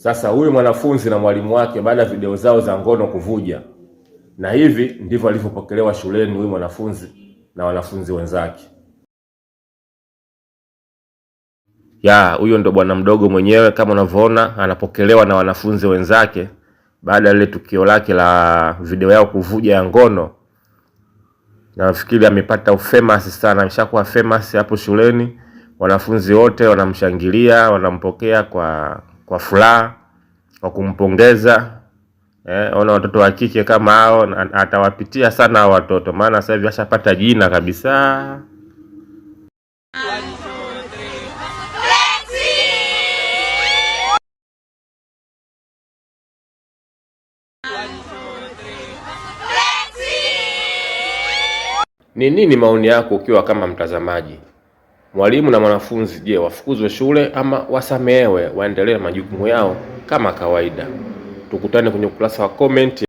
Sasa huyu mwanafunzi na mwalimu wake baada ya video zao za ngono kuvuja, na hivi ndivyo alivyopokelewa shuleni huyu mwanafunzi na wanafunzi wenzake. Ya, huyo ndo bwana mdogo mwenyewe kama unavyoona anapokelewa na wanafunzi wenzake baada ya lile tukio lake la video yao kuvuja ya ngono. Nafikiri amepata famous sana, ameshakuwa famous hapo shuleni. Wanafunzi wote wanamshangilia, wanampokea kwa kwa furaha, kwa kumpongeza. Eh, ona watoto wa kike kama hao atawapitia sana hao watoto, maana sasa hivi ashapata jina kabisa. Ni nini maoni yako ukiwa kama mtazamaji? Mwalimu na mwanafunzi, je, wafukuzwe shule ama wasamehewe waendelee majukumu yao kama kawaida? Tukutane kwenye ukurasa wa comment.